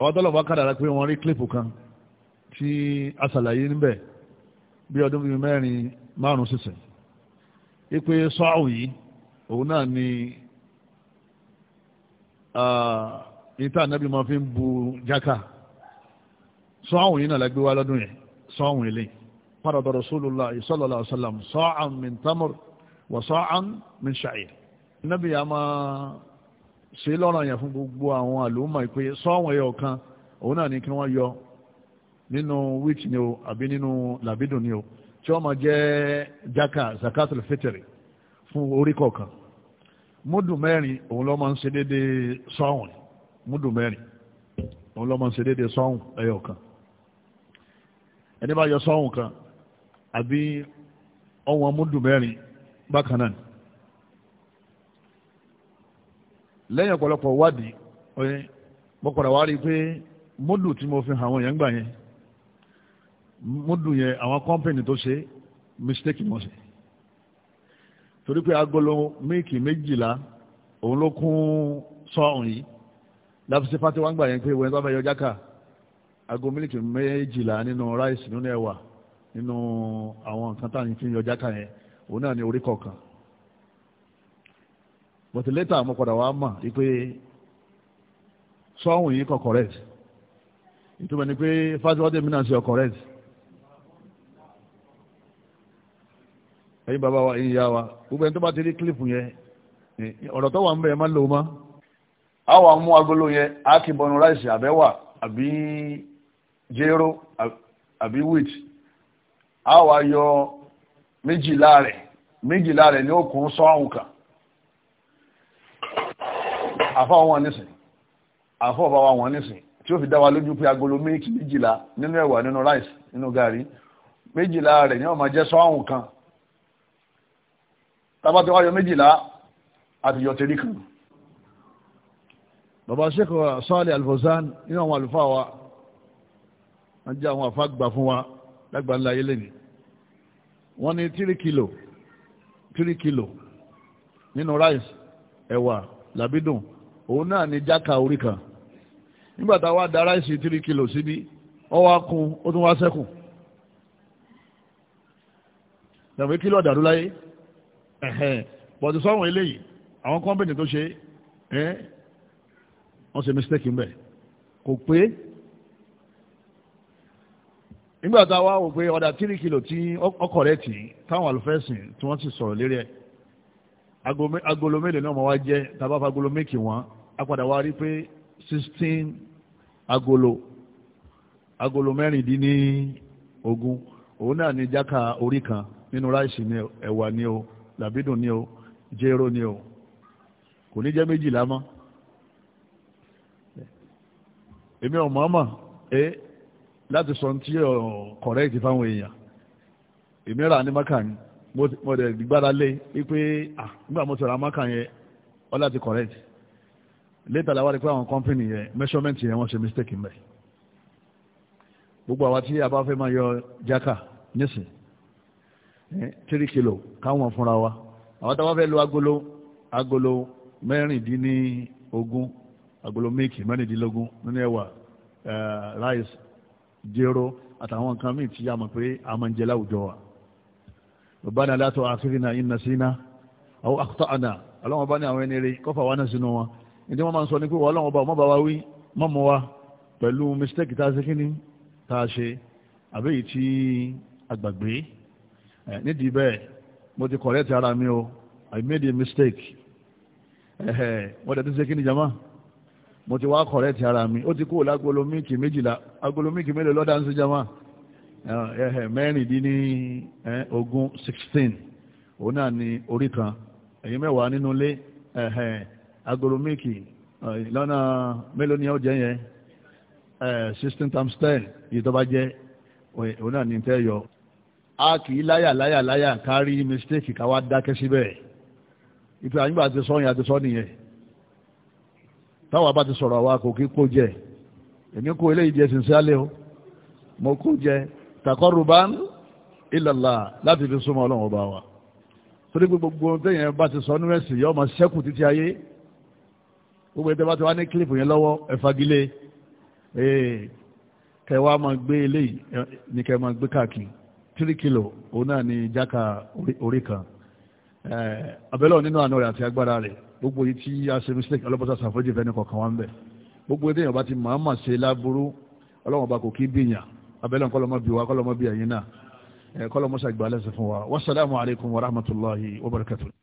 àwọn tọ́lọ̀ bá kádàrá pé wọ́n rí kílípù kan tí a ṣàlàyé níbẹ̀ bí ọdún bíi mẹ́rin márùn-ún sísẹ̀ ipe sọ́ọ̀hù yìí òun náà ni ìta ànábì máa fi ń bu jáká sọ́ọ̀hù yìí náà lágbé wá lọ́dún yẹn sọ́ọ̀hù ilé farada Rasulullah sallallahu alaihi wasallam sa'an min tamr wa sa'an min sha'ir yà máa ṣe lọ́rọ̀ yẹn fún gbogbo àwọn àlùmọ̀ ìpè sọ́wọ́n ẹyọ kan òun náà ni kí wọ́n yọ nínú wheat ni o àbí nínú làbídùn ni o tí wọ́n máa jẹ́ jaka zakatul fitri fún orí kọ̀ọ̀kan múdù mẹ́rin òun ló máa ń ṣe déédéé sọ́wọ́n múdù mẹ́rin òun ló máa ń ṣe déédéé sọ́wọ́n ẹyọ kan ẹni bá yọ sọ́wọ́n kan àbí ọwọ́n múdù mẹ́rin bákan náà lẹ́yìn ọ̀pọ̀lọpọ̀ wádìí oye mo padà wá rí i pé módù tí mo fi hàn àwọn èèyàn gbà yẹn módù yẹn àwọn kọ́ńpìnì tó ṣe mistake ni wọ́n torí pé agolo míìkì méjìlá òun ló kún sọ́ọ̀hún yìí láfisí pátí wá ń gbà yẹn pé wọ́n bá fẹ́ yọ jákà ago mílíkì méjìlá nínú ráìsì nínú ẹ̀wà nínú àwọn nǹkan táwọn fi ń yọ jákà yẹn òun náà ní orí kọ̀ọ̀kan but later mo padà wá mà wípé sọ́hùn yìí kọ̀ correct ìtumọ̀ ni pé fásitì mi náà ṣe wa ẹ̀yin ìyá wa gbogbo ẹni tó bá ti rí kílípù yẹn ọ̀rọ̀ tó wà ń bẹ̀ ẹ̀ a wà mú agolo yẹn a kì bọnu ráìsì àbẹ́wà àbí jéró àbí wheat a wà yọ méjìlá rẹ méjìlá rẹ̀ ní òkun sọ́hùn kan. àfáà wọn nísìn àfáà bá wọn nísìn tí ó fi dá wa lójú pé agolo mílíkì méjìlá nínú ẹ̀wà nínú ráìsì nínú gàrí méjìlá rẹ̀ ní ó máa jẹ́ sọ́ọ̀hún kan tábà tí wọ́n yọ méjìlá àti yọ tẹ̀lé kan. bàbá Sheikh Salih al nínú àwọn àlùfáà wa wọ́n jẹ́ àwọn àfa gbà fún wa lágbà ńlá ayé lẹ́nu wọ́n ní tírí kìlò tírí kìlò nínú ráìsì ẹ̀wà làbídùn òun náà ni jáka orí kan nígbà tá a wá da ráìsì tírí kìlò síbi wọ́n wá kún ó tún wá sẹ́kù ìyàwó kìlò ọ̀dàdú láyé bọ̀dù sọ́wọ́n eléyìí àwọn kọ́mpìnì tó ṣe wọ́n ṣe mistake mbẹ̀ kò pé nígbà tá a wá wò pé ọ̀dà tírí kìlò tí ọkọ̀ rẹ̀ tì táwọn àlùfẹ́sìn tí wọ́n sì sọ̀rọ̀ lérí ẹ̀ agolo mélòó náà mo wá jẹ́ tá a bá apadà wa rí pé sixteen agolo agolo mẹ́rìndínlógún òun náà ní jáka orí kan nínú ráìsì ni ẹ̀wà ni o làbídùn ni o jéró ni o kò ní jẹ́ méjìlá mọ́ èmi ò mọ̀ọ́mọ̀ ẹ láti sọ tí ọ̀ kọ̀rẹ́ẹ̀tì fáwọn èèyàn èmi rà ní maka ni mo dẹ̀ gbára lé pé ah nígbà mo sọ̀rọ̀ maka yẹn ọ láti kọ̀rẹ́ẹ̀tì later la wá rí pé àwọn company yẹn measurement yẹn wọ́n ṣe mistake ń bẹ̀ gbogbo àwa tí a bá fẹ́ máa yọ jaka nísìn three kilo káwọn fúnra wa àwọn tá a bá fẹ́ lo agolo agolo mẹ́rìndínlógún agolo méèkì mẹ́rìndínlógún nínú ẹ̀wà rice jéró àtàwọn nǹkan míì tí a mọ̀ pé a máa ń jẹ láwùjọ wa Rabbana la tu'akhidhna in nasina aw akhta'na ọlọ́wọ́n bá ní àwọn ẹni rí kọ́fà wa náà sínú wọn ìdí wọ́n máa ń sọ ní pé wọ́n ọlọ́run ọba ọmọ bàbá wí mọ́mọ́ wa pẹ̀lú mistake tá a ṣe kíní tá a ṣe àbẹ́yìí tí a gbàgbé nídìí bẹ́ẹ̀ mo ti correct ara mi o I made a mistake wọ́n dẹ̀ ti ṣe kíní jama mo ti wá correct ara mi ó ti kúrò lágolo míìkì méjìlá agolo míìkì mélòó lọ́dà ń ṣe jama mẹ́rìndínní ogún sixteen òun náà ni orí kan ẹ̀yin mẹ́wàá nínú ilé agolo mílìkì eh, lọ́nà mélòó ni ó jẹ́ yẹn eh, sixteen times ten yìí tó jẹ́ òun náà ní tẹ́ yọ a kì í láyà láyà láyà kárí mistake ká wá dákẹ́ síbẹ̀ ìtura nígbà tí sọ́yìn àti sọ́ nìyẹn táwa bá ti sọ̀rọ̀ àwa kò kí kó jẹ́ èmi kó eléyìí jẹ́ sincerely o mo kó jẹ́ taqarruban ila Allah láti fi súnmọ́ ọlọ́run ọba wa torí gbogbo ohun téèyàn bá ti sọ nínú ẹ̀sìn yọ ọmọ sẹ́kù títí ayé gbogbo ẹ̀tẹ́ bá ti wá ní kílípù yẹn lọ́wọ́ ẹ fagilé kẹwàá máa gbé eléyìí ní kẹ máa gbé káàkiri tírí kìlò òun náà ní jáka orí kan abẹ́lẹ̀ nínú àná rẹ̀ àti agbára rẹ̀ gbogbo yìí tí a ṣe mistake ọlọ́pàá ṣàfojì fẹ́ ní kọ̀ọ̀kan wá ń bẹ̀ gbogbo ẹ̀tẹ́ yẹn bá ti máa mà ṣe láburú ọlọ́wọ́n bá kò kí bìyàn abẹ́lẹ̀ kọ́lọ́mọ bí wa kọ́lọ́mọ bí ẹ̀yin náà kọ́lọ́mọ ṣàgbà lẹ́sẹ̀ fún wa wassalamu alaikum warahmatullahi wabarakatuh